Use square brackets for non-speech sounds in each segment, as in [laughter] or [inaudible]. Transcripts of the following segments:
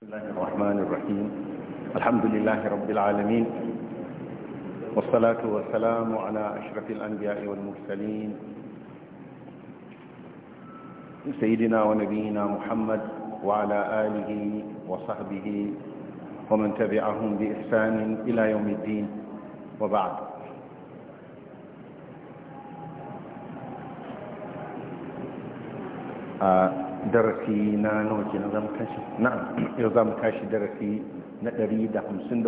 بسم الله الرحمن الرحيم الحمد لله رب العالمين والصلاة والسلام على أشرف الأنبياء والمرسلين سيدنا ونبينا محمد وعلى آله وصحبه ومن تبعهم بإحسان إلى يوم الدين وبعد آه darasi na nawa ke na tashi na yau za mu tashi darasi na 154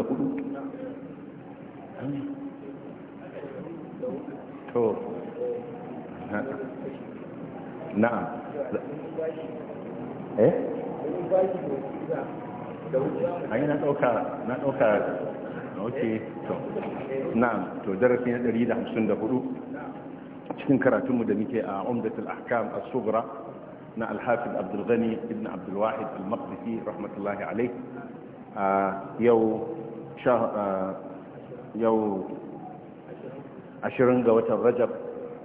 to na'am eh ai na dauka na ɗauka okay to na'am to darasi na 154 cikin karatunmu da muke a umdatul ahkam as-sughra na alhafiz abdulghani ibn abdulwahid al-maqdisi rahmatullahi alai a ah, yau ah, yau ashirin ga watan rajab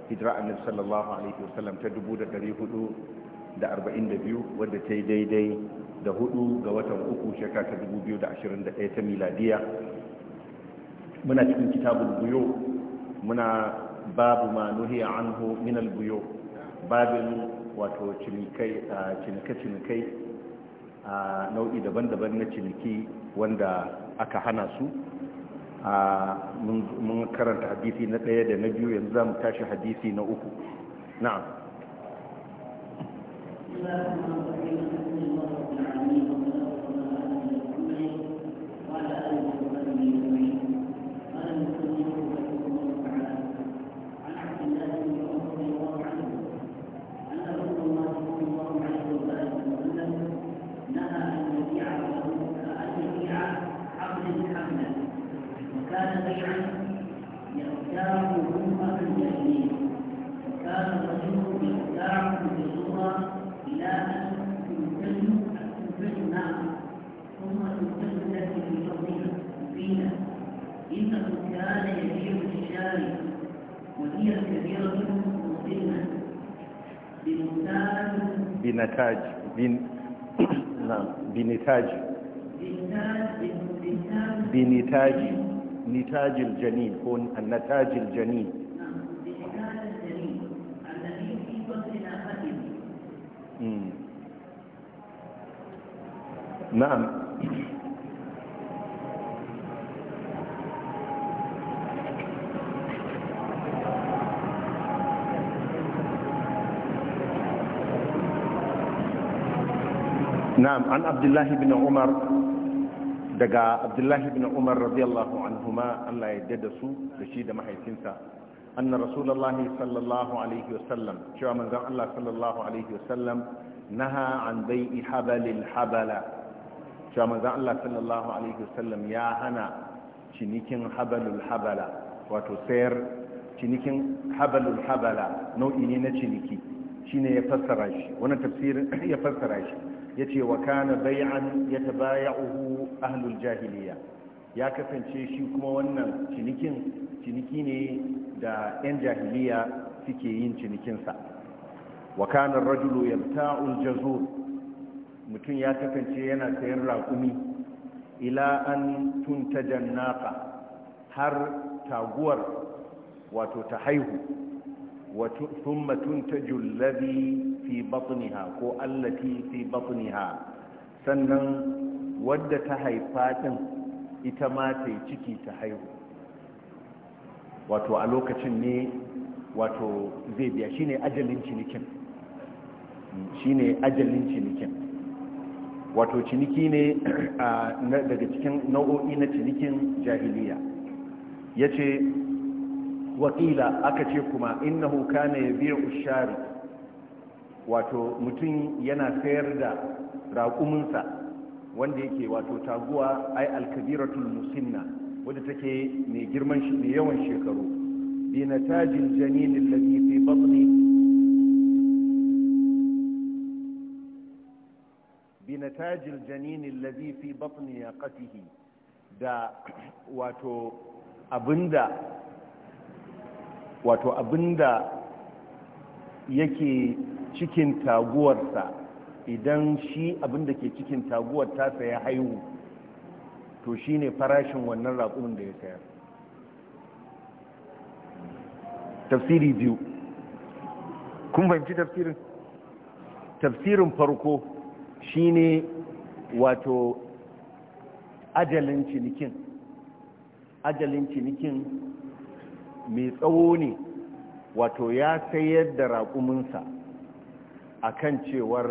hijira annabi sallallahu alaihi wasallam ta dubu da dari hudu da arba'in da biyu wadda ta yi daidai da hudu ga watan uku shekara ta dubu biyu da ashirin da ɗaya ta miladiya muna cikin kitabun buyo muna babu ma nuhiya anhu min al-buyo babin wato cinike-cinikai a nau'i daban-daban na ciniki wanda aka hana su a mun karanta hadisi na ɗaya da na biyu yanzu za mu tashi hadisi na uku na'am نتاج نتاج الجنين كون النتاج الجنين نعم نعم نعم عن عبد الله بن عمر daga abdullahi bin umar radiyallahu anhuma Allah ya da su da shi da mahaifinsa anna rasulullahi sallallahu alaihi wasallam cewa manzon Allah sallallahu alaihi wasallam naha an bai'i habalil habala cewa manzon Allah sallallahu alaihi wasallam ya hana cinikin habalul habala wato sayar cinikin habalul habala nau'i ne na ciniki shine ya fassara shi wannan tafsirin [clears throat] ya fassara shi yace wa kana bai'an uhu ahlul jahiliya ya kasance shi kuma wannan cinikin ciniki ne da yan jahiliya suke yin cinikinsa wa kana ar-rajulu yabta'ul jazur mutum ya kasance yana sayan raƙumi ila an tuntaja naqa har taguwar wato ta haihu wa thumma tuntaju fi batniha ko allati fi batniha sannan wadda ta haifa din ita ma ta yi ciki ta haihu wato a lokacin ne wato zai biya shine ajalin cinikin shine ajalin cinikin wato ciniki ne daga cikin nau'o'i na cinikin jahiliya yace wakila aka ce kuma innahu kana yabi'u shari wato mutum yana sayar da raƙuminsa wanda yake wato taguwa ai alkabiratul musinna wadda take mai girman shi mai yawan shekaru bi natajil janin allazi fi batni bi natajil janin allazi fi batni yaqatihi da wato abinda wato abinda yake cikin taguwarsa idan shi abin da ke cikin taguwar ta ya haihu to shi ne farashin wannan raƙumin da ya sayar tafsiri biyu kun fahimci tafsirin tafsirin farko shi ne wato ajalin cinikin ajalin cinikin mai tsawo ne wato ya sayar da raƙuminsa A kan cewar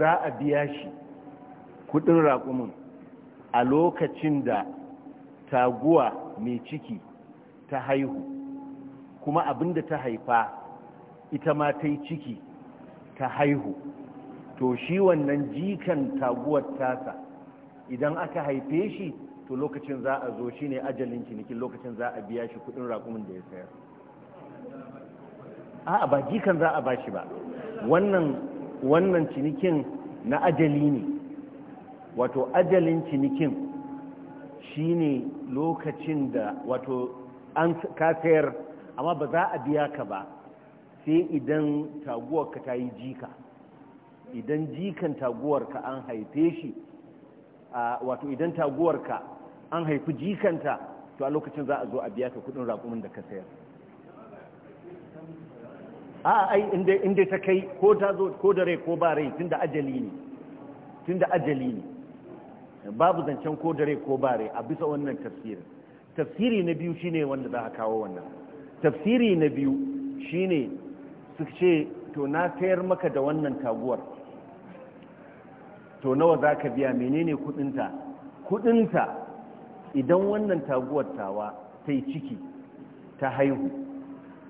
za a biya shi kudin raƙumin a lokacin da taguwa mai ciki ta haihu kuma abinda ta haifa ita ma ta yi ciki ta haihu to shi wannan jikan taguwar tasa idan aka haife shi to lokacin za a zo shi ne ajalin cinikin lokacin za a biya shi kudin raƙumin da ya sayar a ba jikan za a ba shi ba wannan cinikin na ajali ne wato ajalin cinikin shine lokacin da wato an kasayar amma ba za a biya ka ba sai idan taguwarka ta yi jika idan jikan taguwarka an haife shi wato idan taguwarka an haifi jikanta to a lokacin za a zo a biya ka kudin raƙumin da ka sayar a ai inda ta kai ko ta zo ko da rai ko ba rai da ajali ne da ajali ne babu zancen ko da rai ko ba rai a bisa wannan tafsirin tafsiri na biyu shine wanda za a kawo wannan tafsiri na biyu shine su ce to na sayar maka da wannan taguwar to nawa za ka biya menene kudinta kudinta idan wannan taguwar tawa ta yi ciki ta haihu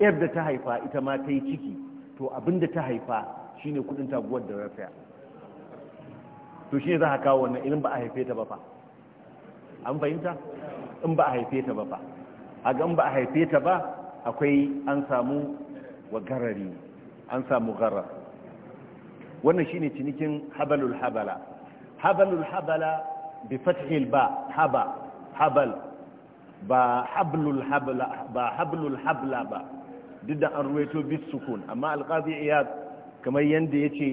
yar da ta haifa ita ma ta yi ciki to abin da ta haifa shine kudin taguwar da rafiya to shi za a kawo wannan idan ba a haife ta ba fa an fahimta in ba a haife ta ba fa a ga in ba a haife ta ba akwai an samu wa garari an samu garar wannan shine cinikin habalul habala habalul habala bi fathil ba haba habal ba hablul habla ba hablul habla ba duk da an ruwaito bis sukun amma alqazi iyad kamar ya ce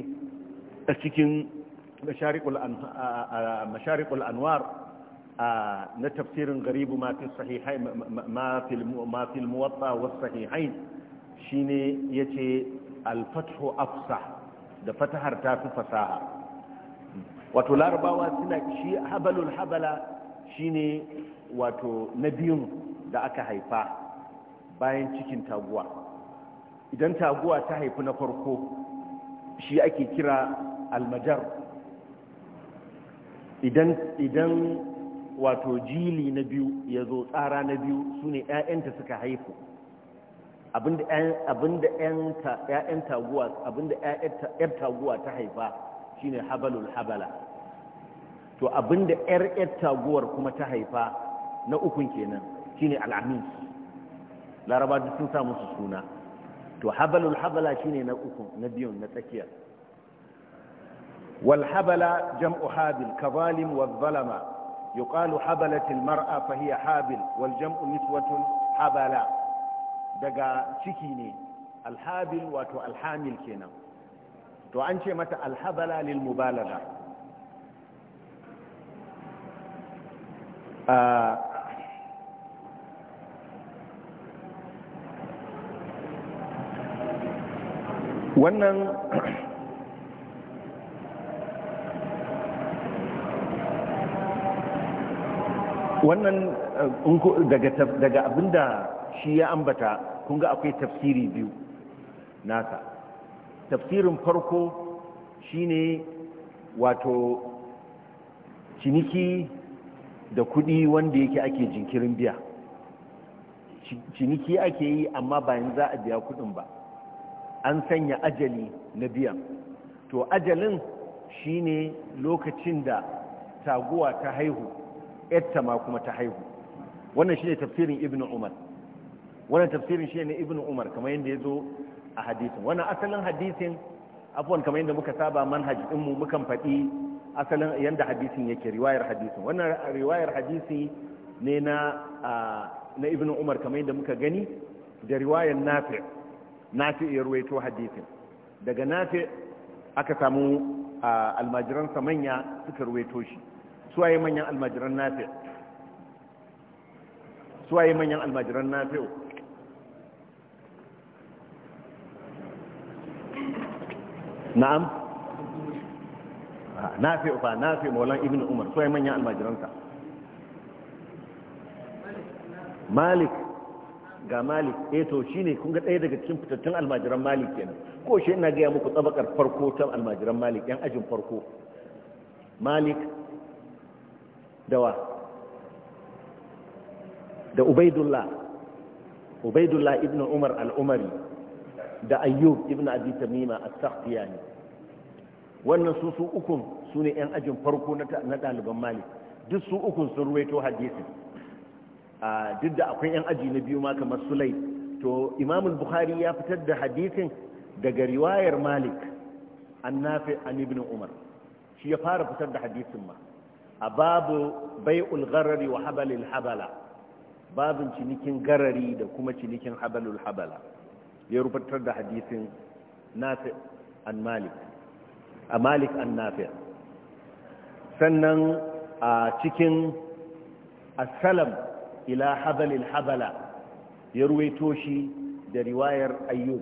a cikin masharikul anwar na tafsirin garibu ma fi sahihai ma fi muwatta wa sahihain shine yace al da fatahar ta fi fasaha wato larabawa suna shi habalul habala shine wato na biyun da aka haifa bayan cikin taguwa idan taguwa ta haifi na farko shi ake kira almajar idan wato jili na biyu ya zo tsara na biyu su ne 'ya'yanta suka haifu abinda 'yar taguwa ta haifa shine habalul habala to abinda 'yar taguwar kuma ta haifa na ukun kenan shine al'amis laraba duk sun sa musu suna to habalul habala shine na uku na biyu na tsakiya wal habala jam'u habil ka zalim wa zalama yuqalu habalatil mar'a fa hiya habil wal jam'u niswatun habala daga ciki ne al habil wato al hamil kenan to an ce mata al habala lil mubalagha wannan wannan eh, daga abinda shi ya ambata kun akwai tafsiri biyu nasa tafsirin farko shine wato ciniki da kudi wanda yake ake jinkirin biya ciniki ake yi amma bayan za a biya kudin ba an sanya ajali na biyan to ajalin shine lokacin da taguwa ta haihu yadda ma kuma ta haihu wannan shine tafsirin ibn umar wannan tafsirin shine ibn umar kamar yadda ya zo a hadisin wannan asalin hadisin abuwan kamar yadda muka saba manhaj ɗinmu mukan faɗi asalin yadda hadisin yake riwayar hadisin wannan riwayar hadisi ne na na ibn umar kamar yadda muka gani da riwayar nafi' nafi ya ruwaito hadisin daga nafi aka samu almajiransa manya suka ruwaito shi suwaye manyan almajiran nafi suwaye manyan almajiran nafi na'am nafi fa nafi maulan ibn umar suwaye manyan almajiransa malik ga malik eh to shine kun ga ɗaya daga cikin fitattun almajiran malik kenan ko shi ina gaya muku tsabakar farko ta almajiran malik yan ajin farko malik dawa da ubaidullah ubaidullah ibn umar al-umari da ayyub ibn abi tamima as-sakhtiyani wannan su su ukun su ne yan ajin farko na ɗaliban malik duk su ukun sun ruwaito hadisi duk da akwai 'yan aji na biyu ma kamar sulai to imamul bukhari ya fitar da hadisin daga riwayar malik an nafi an ibn umar shi ya fara fitar da hadisin ma a babu bai'ul ulgarari wa habalil habala babin cinikin garari da kuma cinikin habalul habala ya rubutar da hadisin nafi an malik a malik an nafi sannan a cikin asalam ila hazalil habala ya ruwaito shi da riwayar ayyub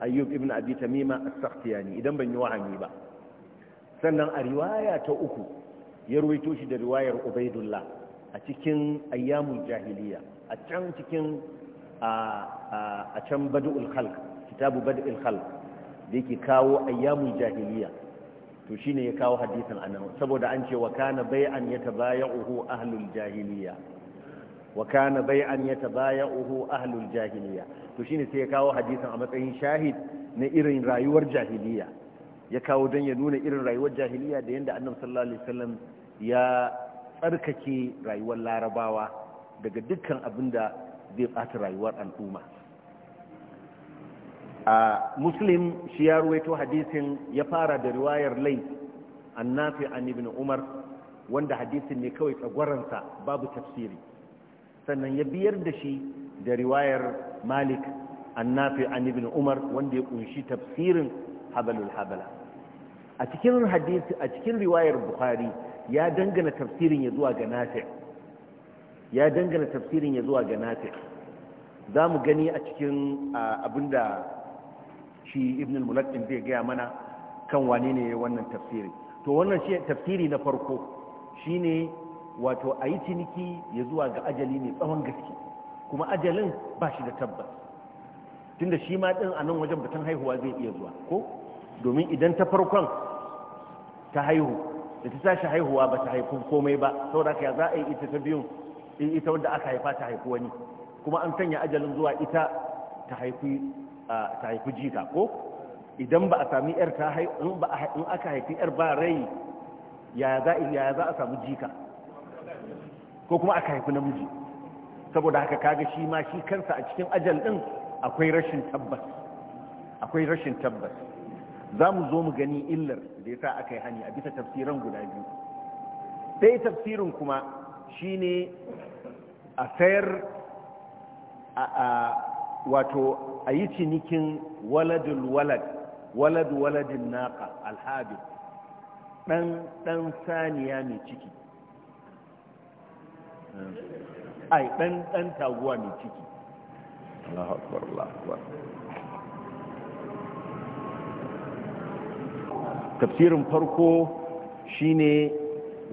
ayyub ibn abi tamima as-sakhtiyani idan ban yi wahani ba sannan a riwaya ta uku ya ruwaito shi da riwayar ubaidullah a cikin ayyamul jahiliya a can cikin a can bada'ul khalq kitabu bada'ul khalq da yake kawo ayyamul jahiliya to shine ya kawo hadisin anan saboda an ce wa kana bai'an yatabaya'uhu ahlul jahiliya wa kana baya yatabaya'uhu ahlul jahiliya to shine sai ya kawo hadisin a matsayin shahid na irin rayuwar jahiliya ya kawo don ya nuna irin rayuwar jahiliya da yadda annabi sallallahu alaihi wasallam ya tsarkake rayuwar larabawa daga dukkan abin da zai bata rayuwar al'umma a muslim shi ya ruwaito hadisin ya fara da riwayar lai annafi an ibn umar wanda hadisin ne kawai tsagwaransa babu tafsiri sannan ya biyar da shi da riwayar malik annafi an ibn umar wanda ya kunshi tafsirin habalul habala a cikin hadisi a cikin riwayar bukhari ya dangana tafsirin ya zuwa ga nafi ya dangana tafsirin ya zuwa ga nafi za mu gani a cikin abinda shi ibn al zai gaya mana kan wane ne wannan tafsiri to wannan shi tafsiri na farko shine wato a yi ciniki ya zuwa ga ajali mai tsawon gaske kuma ajalin ba shi da tabbas tunda shi ma ɗin a nan wajen batun haihuwa zai iya zuwa ko domin idan ta farkon ta haihu da ta tashi haihuwa ba ta haifu komai ba saboda ya za a yi ita ta biyun eh, ita wanda aka haifa ta haifi wani kuma an sanya ajalin zuwa ita ta haifi jika ko idan ba a sami yar ta in aka haifi yar ba rai ya za a samu jika ko kuma aka haifi namiji saboda haka kaga shi ma shi kansa a cikin ajal din akwai rashin tabbas akwai rashin tabbas za mu zo mu gani illar da ya sa aka yi hani a bisa tafsiran guda biyu ɗaya tafsirin kuma shi ne a sayar a wato a yi cinikin waladul walad walad waladin naƙa alhabi ɗan ɗan saniya mai ciki ai dan dan taguwa mai ciki Allahu akbar Allahu akbar tafsirin farko shine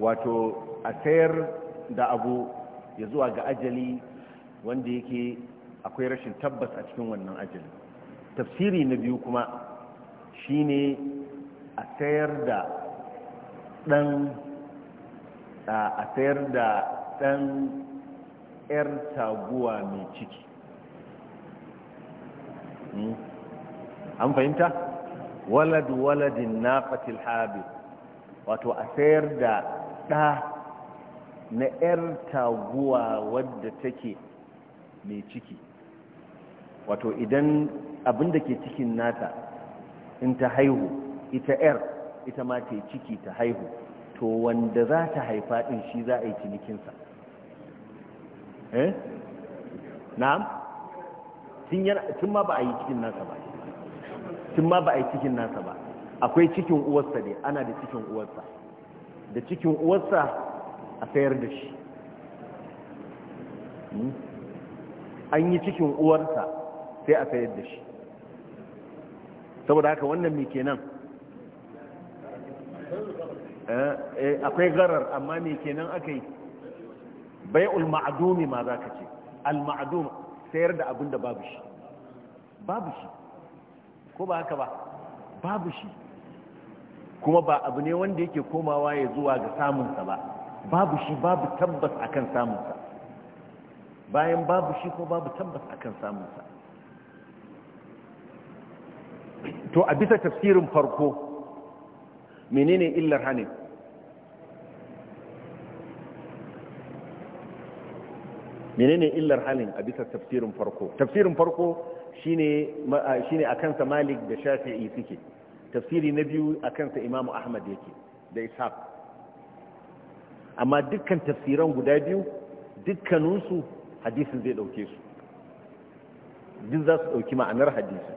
wato a sayar da abu ya zuwa ga ajali wanda yake akwai rashin tabbas a cikin wannan ajali tafsiri na biyu kuma shine a sayar da dan a sayar da ɗan 'yar taguwa mai ciki hmm? an fahimta waladu waladin naqatil habib wato a sayar da ɗa na 'yar taguwa wadda take mai ciki wato idan abin da ke cikin nata in ta haihu ita 'yar ita ma ta ciki ta haihu to wanda za ta haifa ɗin shi za a yi cinikinsa Eh? na'am yana tun ma ba a yi cikin nasa ba tun ma ba a yi cikin nasa ba akwai cikin uwarsa ne ana da cikin uwarsa da cikin uwarsa a sayar da shi hmm? an yi cikin uwarsa sai a sayar da shi saboda haka wannan mai kenan eh, eh, akwai garar amma mai kenan aka yi bai ma'adumi ma za ka ce al sayar da abin da babu shi babu shi ko ba haka ba babu shi kuma ba abu ne wanda yake komawa ya zuwa ga samunsa ba babu shi babu tabbas akan samunsa bayan babu shi ko babu tabbas akan samunsa to a bisa tafsirin farko menene illar hanin menene illar halin a bisa tafsirin farko tafsirin farko shine shine akan sa malik da shafi'i suke tafsiri na biyu akan sa imamu ahmad yake da ishaq amma dukkan tafsiran guda biyu dukkaninsu hadisin zai dauke su duk za su dauki ma'anar hadisi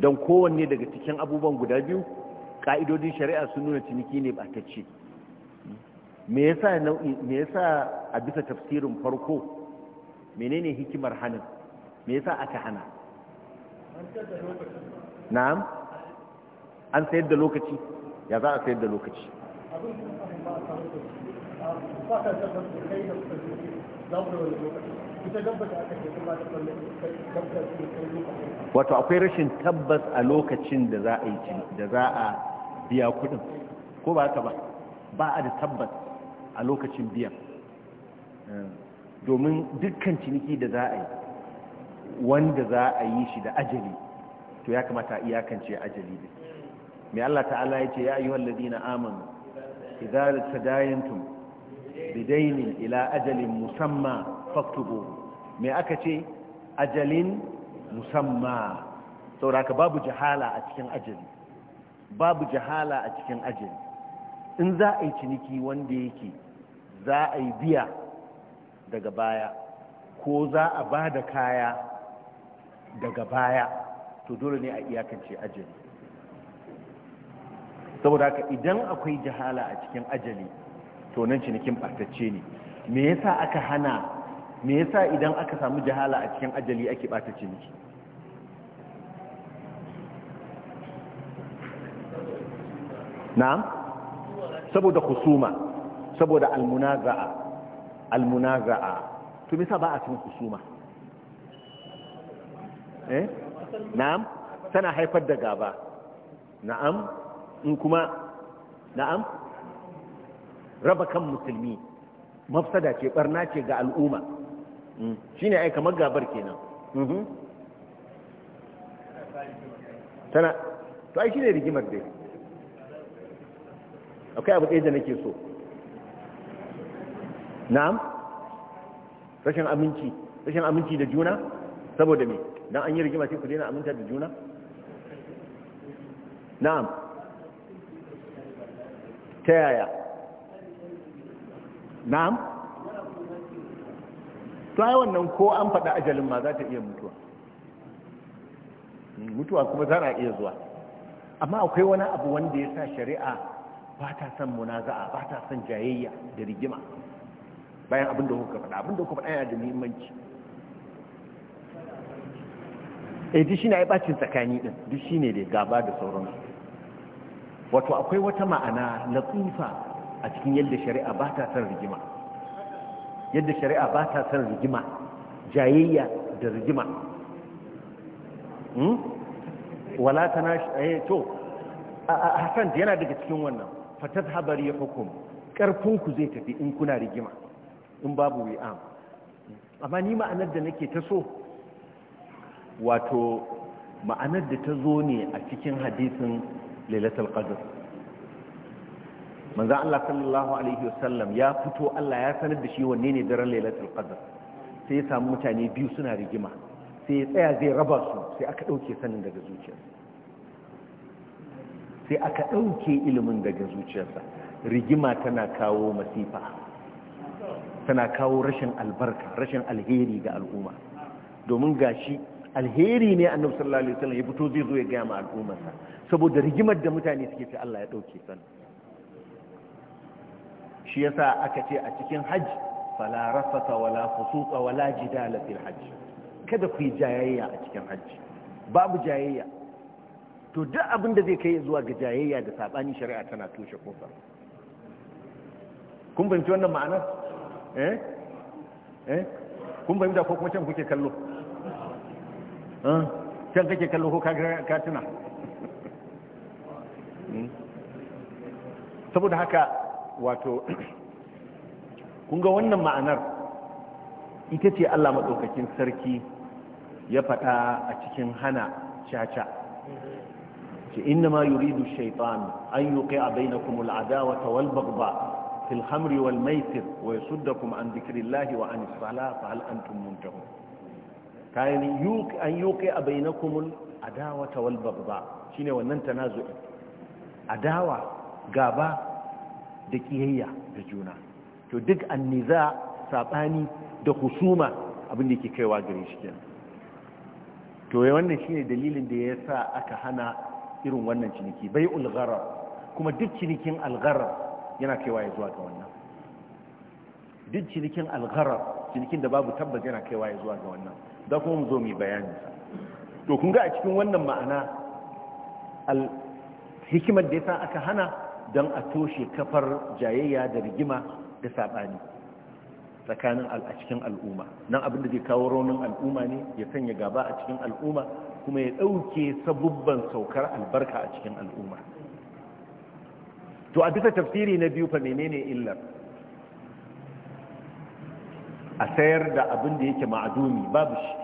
don kowanne daga cikin abubuwan guda biyu ka'idodin shari'a sun nuna ciniki ne ba ta ce me yasa nau'i me yasa a bisa tafsirin farko menene hikimar hanin me yasa aka hana na'am an sayar da lokaci ya za a sayar da lokaci wato akwai rashin tabbas a lokacin da za a biya kudin ko ba ka ba ba a da tabbas a lokacin biyan domin dukkan ciniki da za a yi wanda za a yi shi da ajali to ya kamata iyakance ajali da mai Allah ta'ala ya ce ya ayyuhal ladina amanu idza tadayantum bidainin ila ajalin musamma faktubu mai aka ce ajalin musamma sauraka babu jahala a cikin ajali babu jahala a cikin ajali in za a yi ciniki wanda yake za a yi biya daga baya ko za a ba da kaya daga baya to dole ne a iyakance ajali saboda haka idan akwai jihala a cikin ajali to nan cinikin batacce ne me yasa aka hana me yasa idan aka samu jihala a cikin ajali ake bata ciniki na'am saboda husuma saboda almunaza'a almunaza'a to me sa ba a cin husuma eh na'am tana haifar da gaba na'am in kuma na'am raba kan musulmi mafsada ce barna ce ga al'umma hmm. shine ai kamar gabar kenan mhm. tana to ai shine rigimar dai akwai abu ɗaya da nake so na'am rashin aminci rashin aminci da juna saboda me don an yi rigima sai ku daina aminta da juna na'am ta yaya na'am ta ai wannan ko an faɗa ajalin ma za ta iya mutuwa hmm, mutuwa kuma za a iya zuwa amma akwai wani abu wanda ya sa shari'a ba ta son munaza'a ba ta son jayayya da rigima bayan abin da kuka faɗa abin da kuka faɗa yana da muhimmanci eh duk shine ai bacin tsakani din duk shine da gaba da sauransu wato akwai wata ma'ana na tsufa a cikin yadda shari'a ba ta son rigima yadda shari'a ba ta son rigima jayayya da rigima hmm? wala tana eh, to hasan yana daga cikin wannan fatar fatadhhab ya hukum ƙarfinku zai tafi in kuna rigima in babu wi'am amma ni ma'anar da nake ta so wato ma'anar da ta zo ne a cikin hadisin lailatul qadr manzo Allah sallallahu alaihi wasallam ya fito Allah ya sanar da shi wanne ne daren lailatul qadr sai ya samu mutane biyu suna rigima sai ya tsaya zai raba su sai aka ɗauke sanin daga zuciyarsa sai aka ɗauke ilimin daga zuciyarsa rigima tana kawo masifa tana kawo rashin albarka rashin alheri ga al'umma domin gashi alheri ne annabi sallallahu alaihi ya fito zai zo ya gaya ma al'ummarsa saboda rigimar da mutane suke ta Allah ya ɗauke san shi yasa aka ce a cikin hajj fala rafata wala fusuqa wala jidala fil hajj kada ku yi jayayya a cikin hajj babu jayayya to duk abin da zai kai zuwa ga jayayya da sabani shari'a tana toshe kofar kun fahimci wannan ma'anar eh eh kun fahimta ko kuma can kuke kallo eh? can kake kallo ko ka tuna hmm? saboda haka wato [clears throat] kun ga wannan ma'anar ita ce Allah madaukakin sarki ya faɗa a cikin hana caca ce inna ma yuridu shaitan an yuqi'a bainakum al'adawata wal baghda fil khamri wal maisir wa yasuddakum an dhikrillahi wa anis salah fa hal antum muntahun kayan yuq an yuqi'a bainakum al'adawata wal baghda shine wannan tanazu'i adawa gaba da da juna to duk anniza saɓani, da husuma abin da ke kaiwa gare shi kenan to wannan shine dalilin da ya sa aka hana irin wannan ciniki bai ulgharar kuma duk cinikin algharar yana kaiwa ya zuwa ga wannan duk cinikin algharar cinikin da babu tabbas yana kaiwa ya zuwa ga wannan da kuma mu zo mu bayani to kun ga a cikin wannan ma'ana al hikimar da yasa aka hana don a toshe kafar jayayya da rigima da sabani tsakanin a cikin al'umma nan abin da zai kawo raunin al'umma ne ya sanya gaba a cikin al'umma kuma ya ɗauke sabubban saukar albarka a cikin al'umma to a bisa tafsiri na biyu fa menene illar a sayar da abin da yake ma'adumi babu shi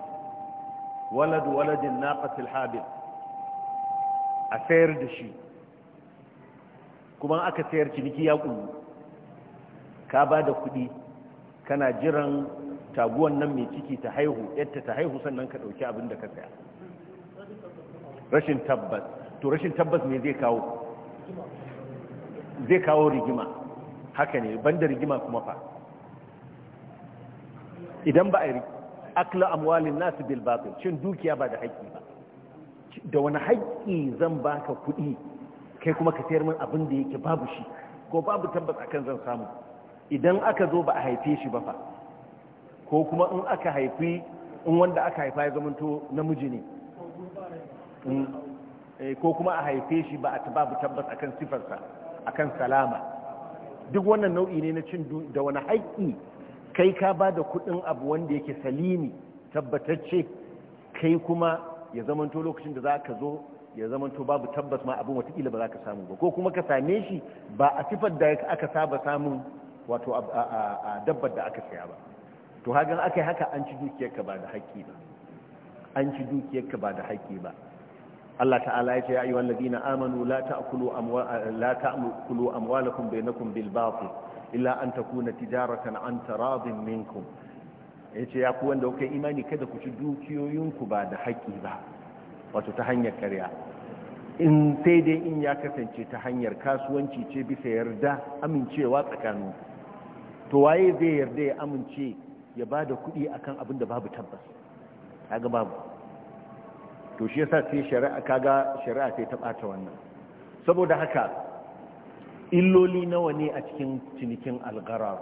walad waladin naqatil habil a sayar da shi kuma aka sayar ciniki ya kullu ka ba da kuɗi kana jiran taguwan nan mai ciki ta haihu yadda ta haihu sannan ka ɗauki abin da ka saya rashin tabbas to rashin tabbas ne zai kawo zai kawo rigima haka ne banda rigima kuma fa idan ba a yi akla amwalin nasu bil batil cin dukiya ba da haƙƙi ba da wani haƙƙi zan baka kuɗi kai kuma ka sayar min abin da yake babu shi ko babu tabbas akan zan samu idan aka zo ba a haife shi ba fa ko kuma in aka haifi in wanda aka haifa ya zamanto namiji ne Eh, ko kuma a haife shi ba a babu tabbas akan sifarsa akan salama duk wannan nau'i ne na cin da wani haƙƙi kai ka ba da kuɗin abu wanda yake salimi tabbatacce kai kuma ya zamanto lokacin da za ka zo ya zamanto babu tabbas ma abin watakila ba za ka samu ba ko kuma ka same shi ba a sifar da aka saba samun wato a dabbar da aka saya ba to hagan aka yi haka an ci dukiyarka ba da haƙƙi ba an ci dukiyarka ba da haƙƙi ba Allah ta'ala ya ce ya ayyuhal ladina amanu la ta'kulu amwa la ta'kulu amwalakum bainakum bil batil illa an takuna tijaratan an taradin minkum yace ya ku wanda kuke imani kada ku ci dukiyoyinku ba da haƙi ba wato ta hanyar ƙarya in sai dai in ya kasance ta hanyar kasuwanci ce bisa yarda amincewa tsakanin to waye zai yarda ya amince ya ba da kuɗi akan abin da babu tabbas kaga babu to shi yasa sai shari'a kaga shari'a sai ta bata wannan saboda haka illoli nawa ne a cikin cinikin algarar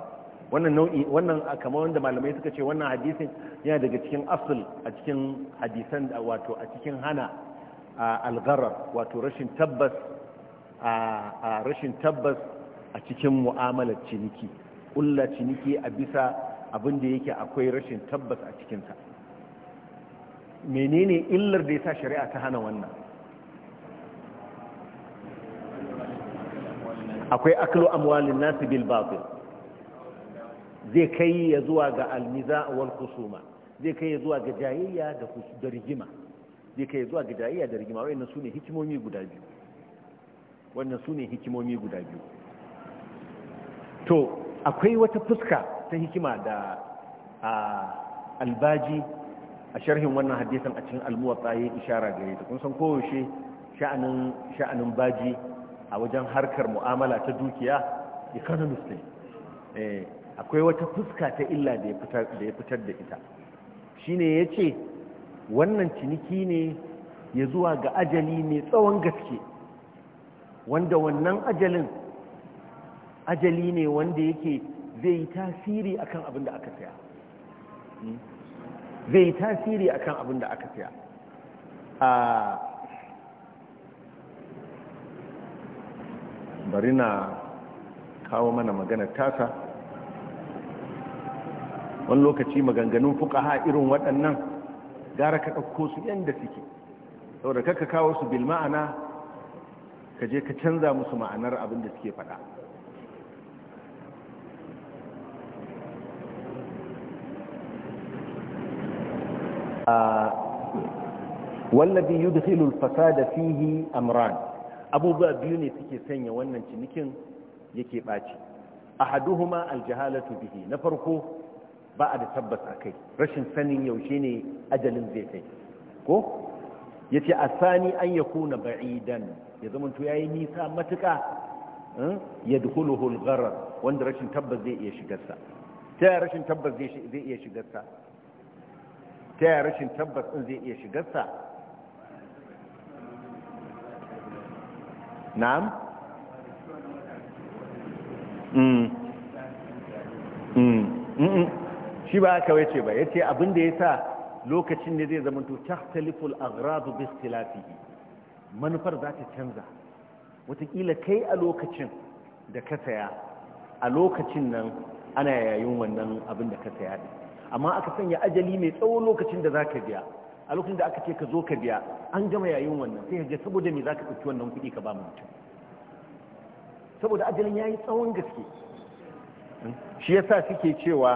wannan nau'i wannan kamar wanda malamai suka ce wannan hadisin yana daga cikin asl a cikin hadisan wato a cikin hana algara wato rashin tabbas a rashin tabbas a cikin mu'amalar ciniki ƙulla ciniki a bisa abin da yake akwai rashin tabbas a cikinsa menene illar da ya sa shari'a ta hana wannan akwai aklo amwalin nasu bil batil zai kai ya zuwa ga alniza wal kusuma zai kai ya zuwa ga jayayya da rigima zai kai ya zuwa ga jayayya da rigima wannan sune hikimomi guda biyu wannan sune hikimomi guda biyu to akwai wata fuska ta hikima da albaji a sharhin wannan hadisan a cikin almuwatsa ya ishara gare ta kun san koyaushe sha'anin baji a wajen harkar mu'amala ta dukiya economist ne eh, akwai wata fuska ta illa da ya fitar da ita, shi ne ya ce wannan ciniki ne ya zuwa ga ajali mai tsawon gaske wanda wannan ajalin ajali ne wanda yake zai yi tasiri akan abin da aka saya hmm? zai yi tasiri kan abin da aka siya a bari na kawo mana magana tasa wani lokaci maganganun fukaha irin waɗannan gara ka ɗauko su yadda suke saboda kakka kawo su bil ma'ana ka je ka canza musu ma'anar abin da suke faɗa wallabi yudkhilul fasada fihi amran abubuwa biyu ne suke sanya wannan cinikin yake baci ahaduhuma aljahalatu bihi na farko ba a da tabbas akai rashin sanin yaushe ne ajalin zai kai ko yace asani an yakuna ba'idan ya zama to yayi nisa matuka yadkhuluhu algharar wanda rashin tabbas zai iya shigarsa ta rashin tabbas zai iya shigarsa ta yi rashin tabbas ɗin zai iya shigarsa na'am mm. Mm. shi ba aka wace ba ya ce abinda ya sa lokacin ne zai zama tahtaliful agradu bis-tilafi manufar za ta canza watakila kai a lokacin da ka saya a lokacin nan ana yayin wannan abin da ka saya ne. amma aka sanya ajali mai tsawon lokacin da za ka biya a lokacin da aka ce ka zo ka biya an gama yayin wannan sai ga saboda me za ka ɗauki wannan kuɗi ka ba mu mutum saboda ajalin ya yi tsawon gaske shi ya sa suke cewa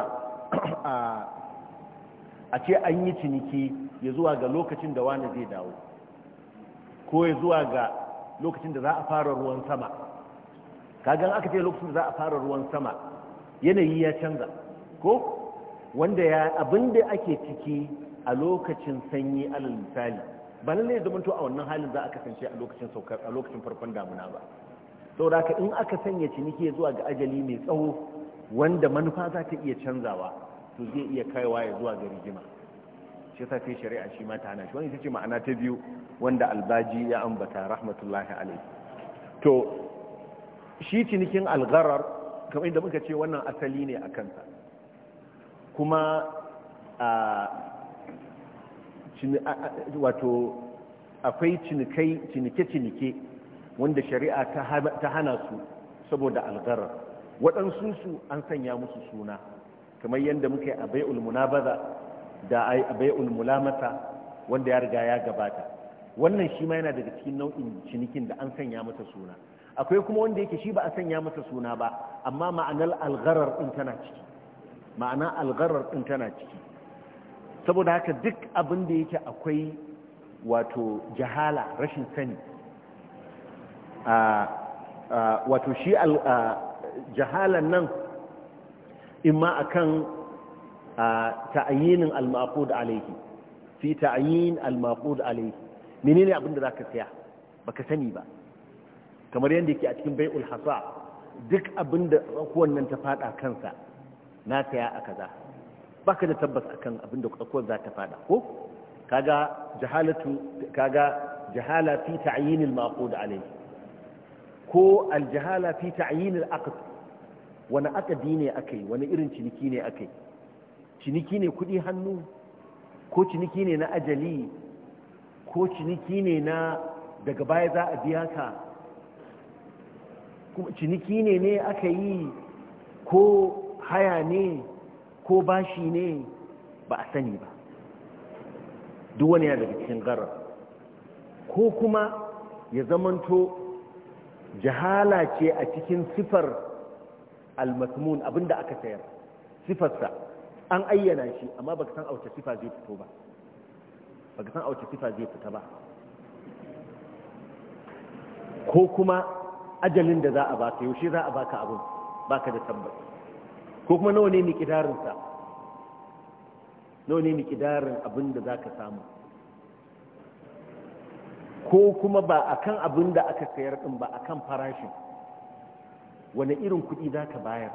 a ce an yi ciniki ya zuwa ga lokacin da wani zai dawo ko ya zuwa ga lokacin da za a fara ruwan sama kagan aka ce lokacin da za a fara ruwan sama yanayi ya canza ko wanda ya abin da ake ciki a lokacin sanyi alal misali ba da mun to a wannan halin za a kasance a lokacin saukar a lokacin farkon damuna ba saboda in aka sanya ciniki zuwa ga ajali mai tsawo wanda manufa za ta iya canzawa to zai iya kaiwa ya zuwa ga rigima shi yasa sai shari'a shi ma ta hana shi wani ita ce ma'ana ta biyu wanda albaji ya ambata rahmatullahi alaihi to shi cinikin algarar kamar inda muka ce wannan asali ne a kansa kuma a wato akwai cinike-cinike wanda shari'a ta hana su saboda algarar waɗansu su an sanya musu suna kamar yadda muka yi a bai'ul munabaza da a bai'ul mata, wanda ya riga ya gabata wannan shi ma yana daga cikin nau'in cinikin da an sanya masa suna akwai kuma wanda yake shi ba a sanya masa suna ba amma ma'anar algarar ɗin tana ciki ma'ana algarar ɗin tana ciki saboda haka duk abin da yake akwai wato jahala rashin sani wato shi jahalan nan imma akan ta'ayyinin al-maqud alayhi fi ta'ayyin al-maqud alayhi menene abin da zaka saya baka sani ba kamar yadda yake a cikin bai'ul hasa duk abin da nan ta fada kansa na saya a kaza ka da tabbas akan abin da kwakwar za ta fada ko kaga jahalatu jahala fi ta'yin al da alai ko aljahala jahala fi ta'yin al-aqd wani akadi ne yi wani irin ciniki ne aka yi ciniki ne kudi hannu ko ciniki ne na ajali ko ciniki ne na daga baya za a biya ka ciniki ne ne aka yi ko haya ne ko bashi ne ba a sani ba duk wani yana daga cikin gara ko kuma ya zamanto jahala ce a cikin sifar almasmun abinda aka sayar sifarsa an ayyana shi amma baka san auce sifa zai fito ba baka san auce sifa zai fita ba ko kuma ajalin da za a baka yaushe za a baka abin baka da tabbas ko kuma nawa ne miƙidarinsa nawa ne miƙidarin abin da za ka samu ko kuma ba a kan abin da aka sayar ɗin ba a kan farashin wane irin kuɗi za ka bayar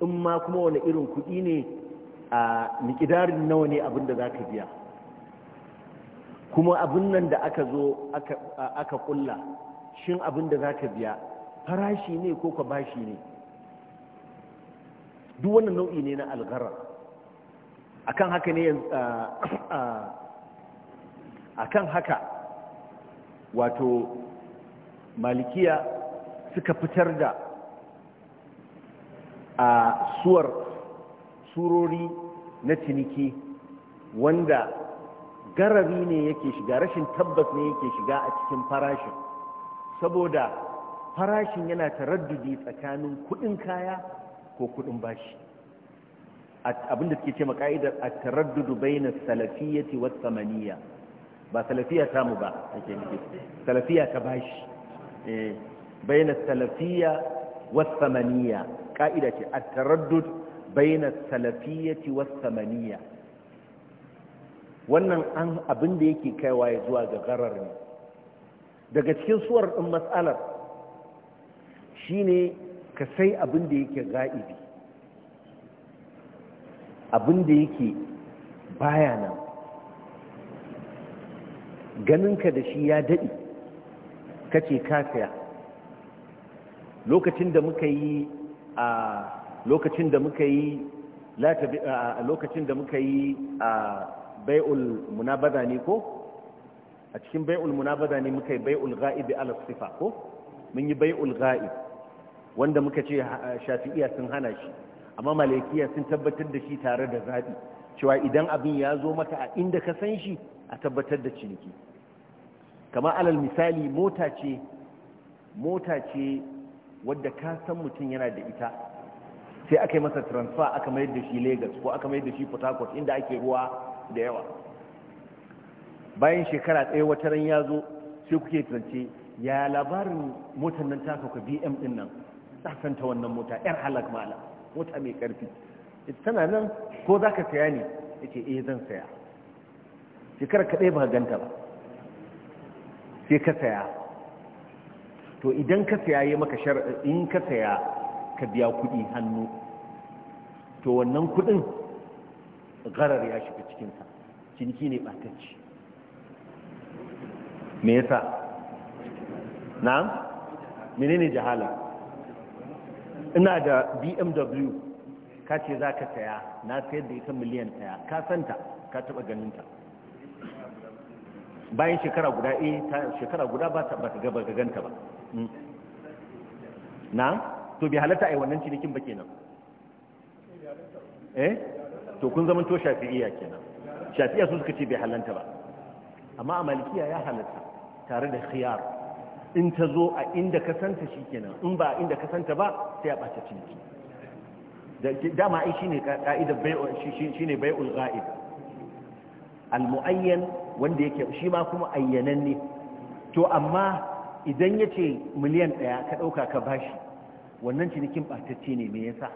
in ma kuma wane irin kuɗi ne a miƙidarin nawa ne abin da za ka biya kuma abin nan da aka zo aka ƙulla shin abin da za ka biya farashi ne ko ka bashi ne duk wannan nau'i ne na algharar akan haka ne akan haka wato malikiya suka fitar da a suwar surori na ciniki wanda garari ne yake shiga rashin tabbas ne yake shiga a cikin farashin saboda farashin yana taraddudi tsakanin kudin kaya ko kudin bashi abinda suke ce maka'idar a taraddudu bai bayna salafiyyati was maniya. ba salafiya samu ba ake nufi Salafiya ta bashi eh, Bai na salafiya was maniya. ka'ida ce a taraddudu taraddud bayna salafiyyati was maniya. wannan an abinda yake kaiwa ya zuwa ga garar ne daga cikin suwar ɗin matsalar shine ka sai abin da yake ga'ibi abin da yake baya nan ganinka da shi ya daɗi kace ka saya lokacin da muka yi a lokacin da muka yi lokacin da muka yi a bai'ul munabada ne ko a cikin bai'ul munabada ne muka yi bai'ul ga'ibi ala sifa ko mun yi bai'ul ga'ibi wanda muka ce shafi'iya sun hana shi amma malikiya sun tabbatar da shi tare da zaɓi cewa idan abin ya zo maka a inda ka san shi a tabbatar da ciniki kama alal misali mota ce mota ce wadda ka san mutum yana da ita sai aka yi masa transfer aka mayar da shi lagos ko aka mayar da shi port harcourt inda ake ruwa da yawa bayan shekara ɗaya wata ran ya zo sai kuke zance ya labarin motar nan ta ka bm din nan na santa wannan mota yar halak mala mota mai karfi ita tana nan ko za ka saya ne ya ce eh zan saya shekarar kaɗai ba ganta ba sai ka saya to idan ka saya ya maka in ka saya ka biya kuɗi hannu to wannan kuɗin garar ya shiga cikinsa ciniki ne ɓatacci me yasa na menene jahala ina da bmw ka ce za ka saya na sayar da ita miliyan saya ka santa ka taɓa ganinta bayan shekara guda eh, ta shekara guda ba ta gaba ga ganta ba hmm. na to bai halatta a yi wannan cinikin ba kenan eh to kun zama to shafi'iya kenan shafi'iya su suka ce bai halatta ba amma a malikiya ya halatta tare da khiyar in ta zo a inda ka santa nan, in ba inda ka santa ba sai a ɓata ciniki dama ai shine ka'idar bai'u shine bai'ul al-mu'ayyan wanda yake shi ma kuma ne. to amma idan yace miliyan ɗaya ka ɗauka ka bashi wannan cinikin ɓatacce ne me yasa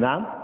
na'am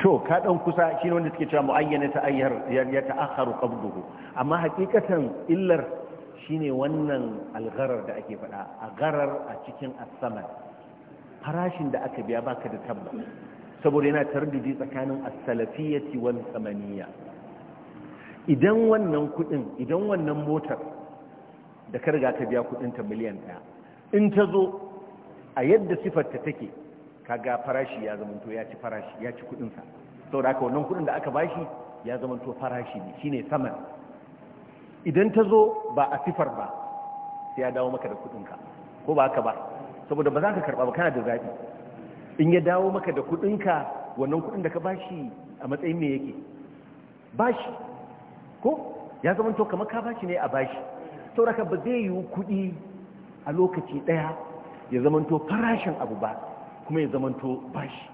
to ka dan kusa shi ne wanda suke cewa muayyana ta ayyar ya ta'akharu qabduhu amma hakikatan illar shine wannan algharar da ake faɗa a garar a cikin asaman farashin da aka biya baka da tabbata saboda yana tardudi tsakanin asalafiyyati wal samaniya idan wannan kudin idan wannan motar da ka riga ka biya kudin ta miliyan 1 in ta zo a yadda sifar ta take kaga farashi ya to ya ci farashi ya ci kudin sa saboda haka wannan kudin da aka bashi ya to farashi ne shine saman idan ta zo ba a sifar ba sai ya dawo maka da kudin ka ko ba haka ba saboda ba za ka karba ba kana da zabi in ya dawo maka da kudinka wannan kudin da ka bashi a matsayin me yake bashi ko ya zama to kamar ka bashi ne a bashi sauraka ba zai yi kudi a lokaci daya ya zama to farashin abu ba kuma ya zama to bashi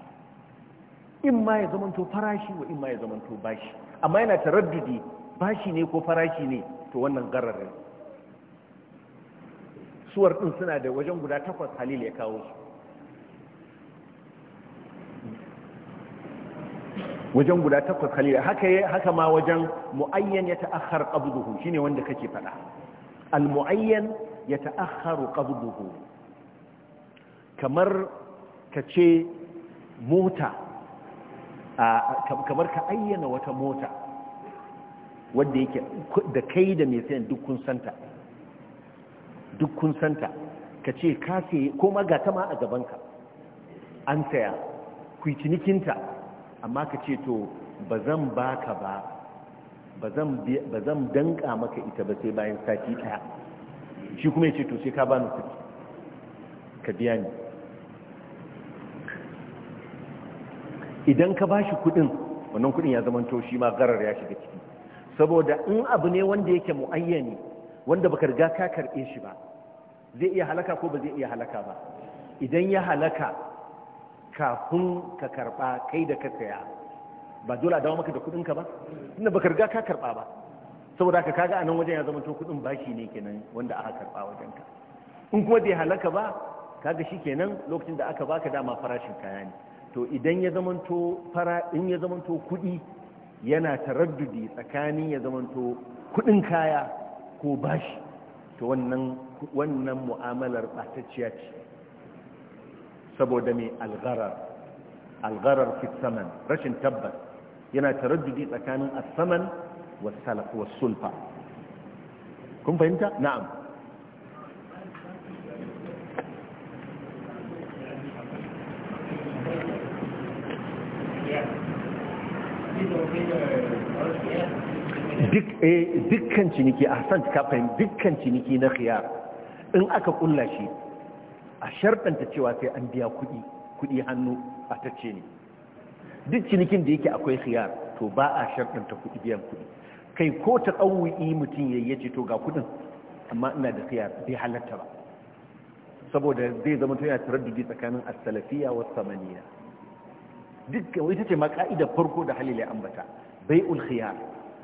in ma ya zama to farashi wa in ma ya zama to bashi amma yana taraddudi bashi ne ko farashi ne to wannan gararin suwar din suna da wajen guda takwas halil ya kawo su wajen guda takwas khalila haka haka ma wajen muayyan ya ta'akhkhar qabduhu shine wanda kake fada al muayyan ya ta'akhkharu qabduhu kamar kace mota kamar ka ayyana wata mota wadda yake da kai da mai sayan duk kun santa duk santa ka ka sai ko ma ga tama ma a gabanka an saya ku cinikinta amma ka ce to ba zan baka ba ba zan danka maka ita ba sai bayan sati ɗaya shi kuma ya ce to sai ka bani kuɗi ka biya ni idan ka ba shi kuɗin wannan kuɗin ya zama to shi ma garar ya shiga ciki saboda in abu ne wanda yake mu'ayyani wanda baka riga ka karɓe shi ba zai iya halaka ko ba zai iya halaka ba idan ya halaka kafin ka karba kai da ka saya ba dole a dawo maka da ka ba inda baka riga ka karba ba saboda ka kaga a wajen ya zama to kudin bashi ne kenan wanda aka karba wajen ka in kuma bai halaka ba kaga shi kenan lokacin da aka baka dama farashin kaya ne to idan ya zama to fara in ya zama to kudi yana taraddudi tsakanin ya zama to kudin kaya ko bashi to wannan wannan mu'amalar batacciya ce saboda mai algarar algarar fi saman rashin tabbas yana taraddudi tsakanin as-saman was sulfa kun fahimta na'am dukkan ciniki a san fahimta dukkan ciniki na khiyar in aka kulla shi a sharɗanta cewa sai an biya kuɗi kuɗi hannu a tacce ne duk cinikin da yake akwai khiyar to ba a sharɗanta kuɗi biyan kuɗi kai ko ta ƙawuyi mutum ya yi ce to ga kuɗin amma ina da khiyar bai halatta ba saboda zai zama to yana taraddudi tsakanin asalafiya wasu wa samaniya duk ita ce ma ka'idar farko da halil ya ambata bai'ul khiyar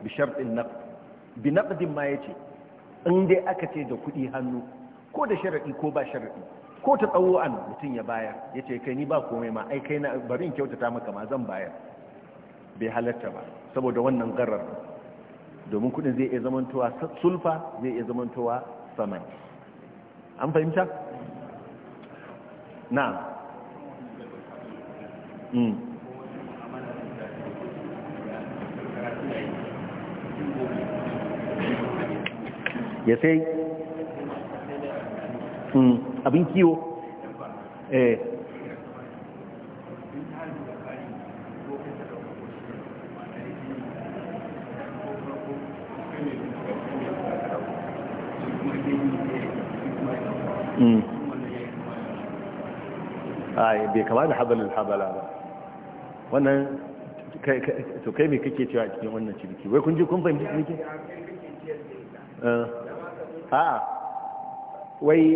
bi sharɗin naqd bi naqdin ma yace in dai aka ce da kuɗi hannu ko da sharaɗi ko ba sharaɗi ko ta tsawo an mutum ya bayar ya ce kai ni ba komai ma ai kai na barin kyautata maka ma zan bayar bai halatta ba saboda wannan garar domin kudin zai iya zamantowa sulfa zai iya zamantowa saman an fahimta? na hmm. ya sai hmm. abin kiwo eh hmm. bai kama da habalin habala ba wannan to kai mai kake cewa cikin wannan ciniki wai kun ji kun fahimci ciniki? Eh. a'a wai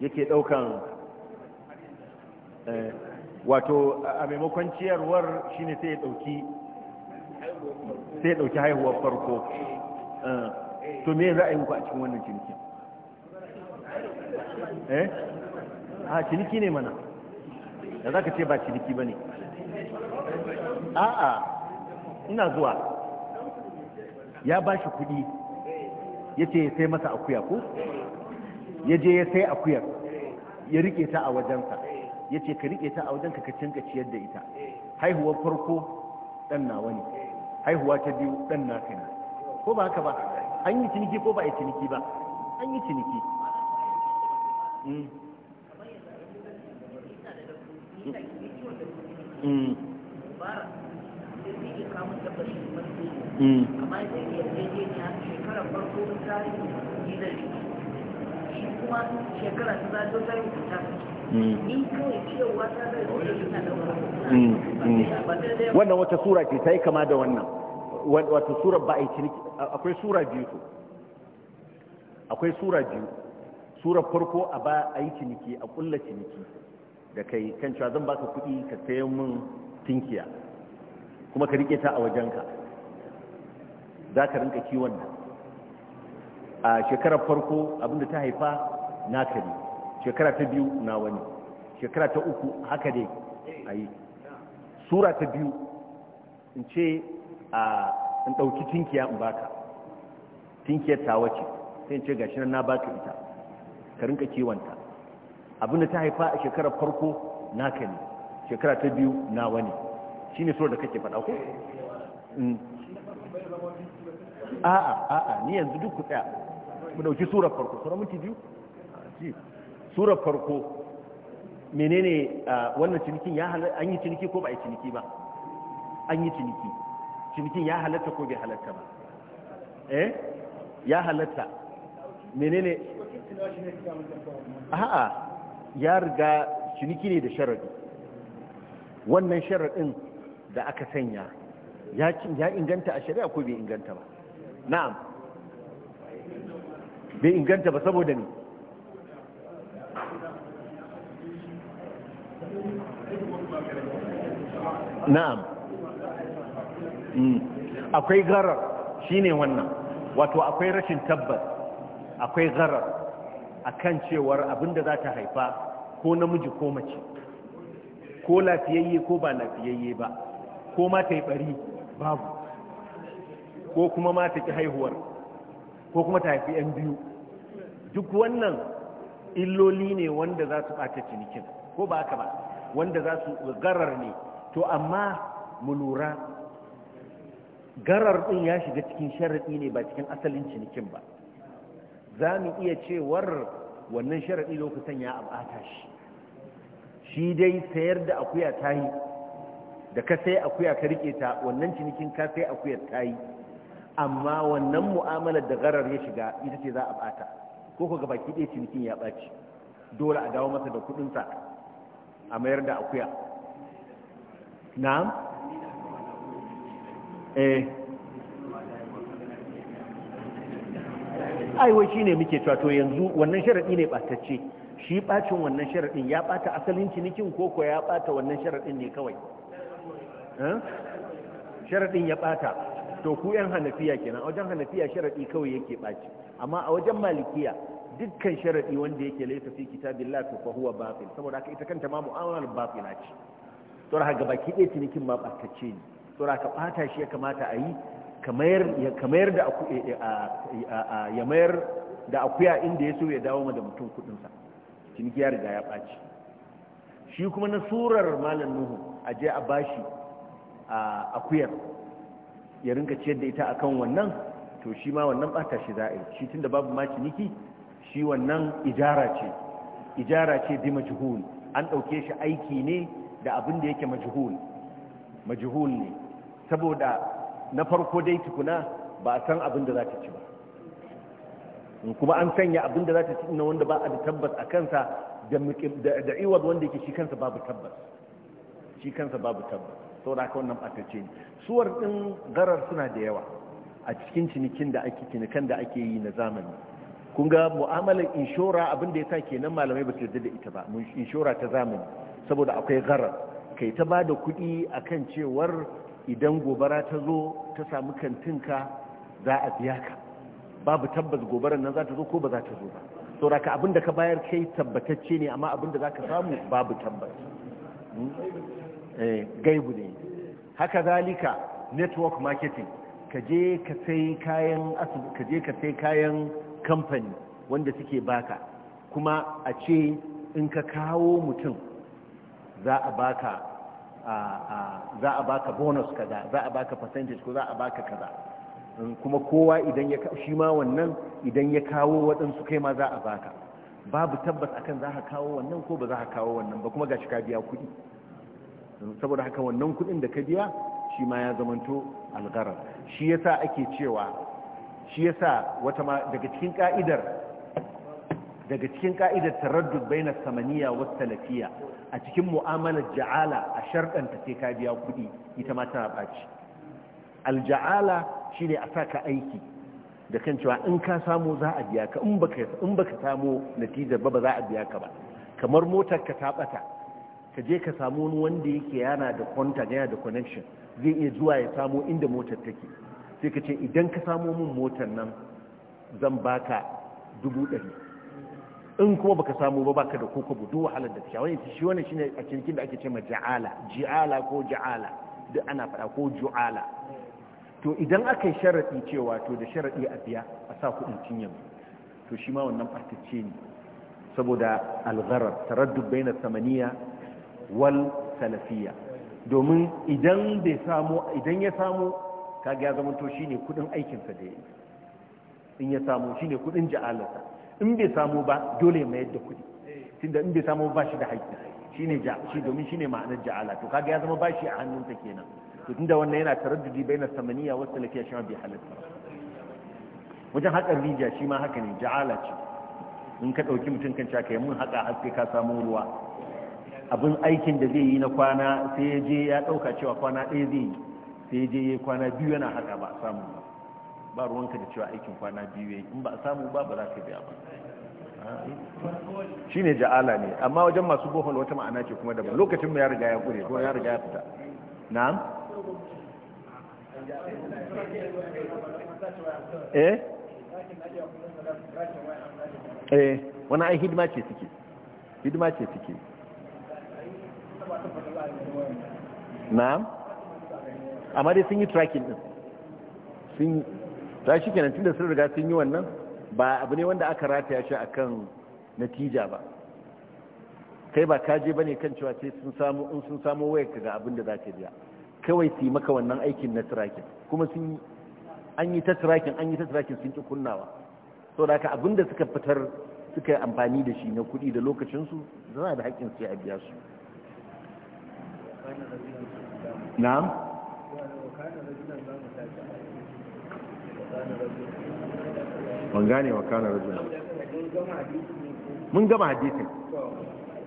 yake ɗaukan eh, wato a maimakon ciyarwar shine sai ya dauki sai ya ɗauki haihuwar farko eh, to me za a yi muku a cikin wannan cinikin eh a ciniki ne mana da za ka ce ba ciniki ba ne a'a ina zuwa ya ba shi kuɗi ya sai masa akuya ko ya je ya sai akuyar ya rike ta a wajensa ya ce ka rike ta a wajenka ka cinka ciyar da ita haihuwar farko dan nawa ne haihuwa ta biyu dan naka ne ko ba haka ba an yi ciniki ko ba a yi ciniki ba an yi ciniki Mm. shi kuma shekara ta zato hmm. zai hmm, hmm. wannan wata sura ce ta yi kama da wannan wata sura ba a yi ciniki akwai sura biyu su akwai sura biyu sura farko a ba a yi ciniki a kulla ciniki da kai kan cewa zan baka kuɗi ka sayo min tinkiya kuma ka rike ta a wajenka za ka rinka kiwon nan a shekarar farko abinda ta haifa na ne shekara ta biyu na wani shekara ta uku haka dai a yi sura ta biyu in ce a in ɗauki tinkiya in baka tinkiyar ta wace sai in ce ga nan na baka ita ka kewanta. kiwanta abinda ta haifa a shekarar farko na ne shekara ta biyu na wani ne sura da kake faɗa ko mm. a'a a'a ni yanzu duk ku tsaya mu dauki surar farko sura minti biyu surar farko menene wannan cinikin ya an yi ciniki ko ba a yi ciniki ba an yi ciniki cinikin ya halatta ko bai halatta ba eh ya halatta menene a'a ya riga ciniki ne da sharadi wannan sharadin da aka sanya ya inganta a shari'a ko bai inganta ba na'am bai inganta ba saboda ni na'am mm. akwai garar shine wannan wato akwai rashin tabbas akwai garar akan cewar abinda za ta haifa ko namiji ko mace ko lafiyayye ko ba lafiyayye ba ko ma yi bari babu ko kuma ma ki haihuwar ko kuma ta haifi 'yan biyu duk wannan illoli ne wanda za su ɓata cinikin ko ba haka ba wanda za su garar ne to amma mu lura garar ɗin ya shiga cikin sharaɗi ne ba cikin asalin cinikin ba za mu iya cewar wannan sharaɗi lokutan ya abata shi shi dai sayar da akuya ta yi da ka sai akuya ka riƙe ta wannan cinikin ka sai akuyar ta yi amma wannan mu'amalar da garar ya shiga ita ce za a ɓata ko ko gabaki ɗaya cinikin ya ɓaci dole a dawo masa da kuɗinsa a mayar da akuya na'am eh aiwai shi ne muke cewa to yanzu wannan sharaɗi ne ɓatacce shi ɓacin wannan sharaɗin ya ɓata asalin cinikin koko ya ɓata wannan sharaɗin ne kawai eh? sharaɗin ya ɓata to ku 'yan hanafiya kenan wajen hanafiya sharaɗi kawai yake ɓaci amma a wajen malikiya dukkan sharaɗi wanda yake laisa fi kitabillah to fa huwa batil saboda haka ita kanta ma mu'amalar batila ce to ra ga baki ɗaya cinikin ma ɓatacce ne to ka ɓata shi ya kamata a yi kamar da eh, eh, ya mayar da akuya inda ya so ya dawo ma da mutum kuɗinsa ciniki ya riga ya ɓaci shi kuma na surar malam nuhu a je a bashi akuyar ya rinka ciyar da ita akan wannan to shi ma wannan bata shi za'ir shi tunda babu ma ciniki shi wannan ijara ce ijara ce bi majhul an ɗauke shi aiki ne da abin da yake majhul majhul ne saboda na farko dai tukuna ba a san abin da za ta ci ba kuma an sanya abin da za ta ci na wanda ba a da tabbas a kansa da iwad wanda yake shi kansa babu tabbas shi kansa babu tabbas saboda haka wannan ɓatacce ne suwar ɗin garar suna da yawa a cikin cinikin da ake cinikan da ake yi na zamani kun ga mu'amalar inshora abin da ya sa kenan malamai ba su yarda da ita ba mun inshora ta zamani saboda akwai gara. kai ta bada kuɗi akan cewar idan gobara ta zo ta samu kantinka za a biya ka babu tabbas gobarar nan za ta zo ko ba za ta zo ba saboda ka abin da ka bayar kai tabbatacce ne amma abin da za ka samu babu tabbas hmm? eh, gaibu ne haka zalika network marketing ka je ka sai kayan kamfani wanda suke baka kuma a ce in ka kawo mutum za a baka bonus kaza za a baka percentage ko za a baka kaza mm, kuma kowa idan ya shi ma wannan idan ya kawo waɗansu kai ma za a baka babu tabbas akan za a kawo wannan ko ba za a kawo wannan ba kuma ga shi ka biya kuɗi mm, saboda haka wannan kuɗin da ka biya shi ma ya zamanto algarar shi yasa ake cewa shi yasa wata daga cikin ka'idar daga cikin ka'idar taraddud bainas samaniya was talafiya a cikin mu'amalar ja'ala a sharɗanta sai ka biya kuɗi ita ma tana ɓaci alja'ala ne a saka aiki da kan cewa in ka samu za a biya ka in baka in baka samu natija ba za a biya ka ba kamar motar ka ta bata ka je ka samu wani wanda yake yana da contact yana da connection zai iya zuwa ya samo inda motar take sai ka ce idan ka samo min motar nan zan baka dubu ɗari in kuma baka samu ba baka da koko budu wahalar da ta wani shi wani a cikin da ake ce ma ja'ala ji'ala ko ja'ala duk ana faɗa ko ju'ala to idan aka yi sharaɗi cewa to da sharaɗi a biya a sa kuɗin cinyan to shi ma wannan ce ne saboda algharar taraddud na samaniya wal salafiyya domin idan bai samu idan ya samu kaga ya zama to shine kudin aikinsa da yayi in ya samu shine kudin ja'alata in bai samu ba dole mai yadda kudi tunda in bai samu ba shi da haƙƙi shine ja shi domin shine ma'anar ja'ala to kaga ya zama bashi a hannun ta kenan to tunda wannan yana taraddudi baina samaniya wasu salafiya shi ma bai halatta wajen haƙar rijiya shi ma haka ne ja'ala ce in ka ɗauki mutum kan caka yi mun haƙa har sai ka samu ruwa abin aikin da zai yi na kwana sai ya je ya ɗauka cewa kwana ɗaya zai yi sai ya je ya kwana biyu yana haka ba a samu ba ba ruwanka da cewa aikin kwana biyu yayi in ba a samu ba ba za ka biya ba shi ne ja'ala ne amma wajen masu bohol wata ma'ana ce kuma daban lokacin ya riga ya kure ko ya riga ya fita na'am eh eh wani ai hidima ce suke hidima ce suke na'am amma dai sun yi tracking din sun ta shi kenan da sun riga sun yi wannan ba abu ne wanda aka rataya shi akan natija ba kai ba ka je bane kan cewa sai sun samu in sun samu wayar ka ga abin da za ka biya kawai su yi maka wannan aikin na tracking kuma sun an yi ta tracking an yi ta tracking sun ki kunnawa so da haka abin da suka fitar suka yi amfani da shi na kuɗi da lokacinsu za da haƙƙin sai a biya su na'am ban wa kana rajula mun gama hadisin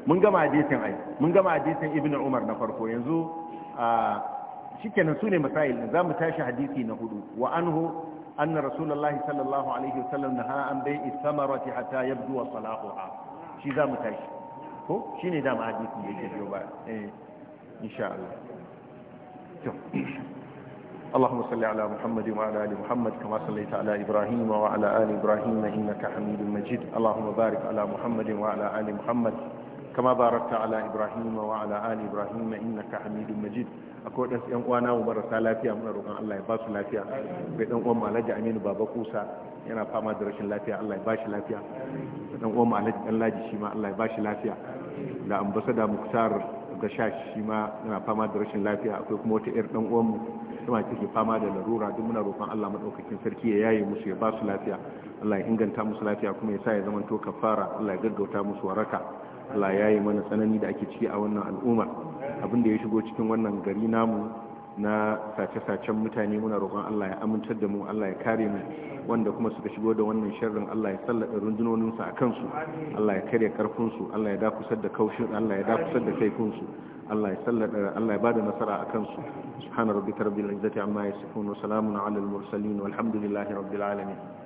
mun gama hadisin ai mun gama hadisin ibnu umar na farko yanzu a shikenan sune masail din tashi hadisi na hudu wa anhu anna rasulullahi sallallahu alaihi wasallam naha an bai'i samarati hatta yabdu salahuha shi zamu tashi ko shine da إن شاء الله اللهم صل على محمد وعلى ال محمد كما صليت على ابراهيم وعلى ال ابراهيم انك حميد مجيد اللهم بارك على محمد وعلى ال محمد كما باركت على ابراهيم وعلى ال ابراهيم انك حميد مجيد akwai wadansu yan uwana mu marasa lafiya muna roƙon Allah ya ba su lafiya akwai dan uwan Alhaji Aminu Baba Kusa yana fama da rashin lafiya Allah ya ba shi lafiya dan uwan Alhaji Dan Laji shi ma Allah ya ba shi lafiya da ambassador Muktar muka sha shi ma yana fama da rashin lafiya akwai kuma wata yar dan uwanmu kuma take fama da larura duk muna roƙon Allah madaukakin sarki ya yaye musu ya ba su lafiya Allah ya inganta musu lafiya kuma ya sa ya zama to kafara Allah ya gaggauta musu waraka Allah ya yaye mana tsanani da ake ciki a wannan al'umma abin da ya shigo cikin wannan gari namu na sace-sacen mutane muna roƙon Allah ya amintar da mu Allah ya kare mu wanda kuma suka shigo da wannan sharrin Allah ya sallada rundunoninsu a kansu Allah ya karya karfinsu Allah ya dakusar da kaushin Allah ya dakusar da kaifinsu Allah ya sallada Allah ya bada nasara a kansu subhana rabbika rabbil izzati amma yasifun wa salamun alal mursalin walhamdulillahi rabbil alamin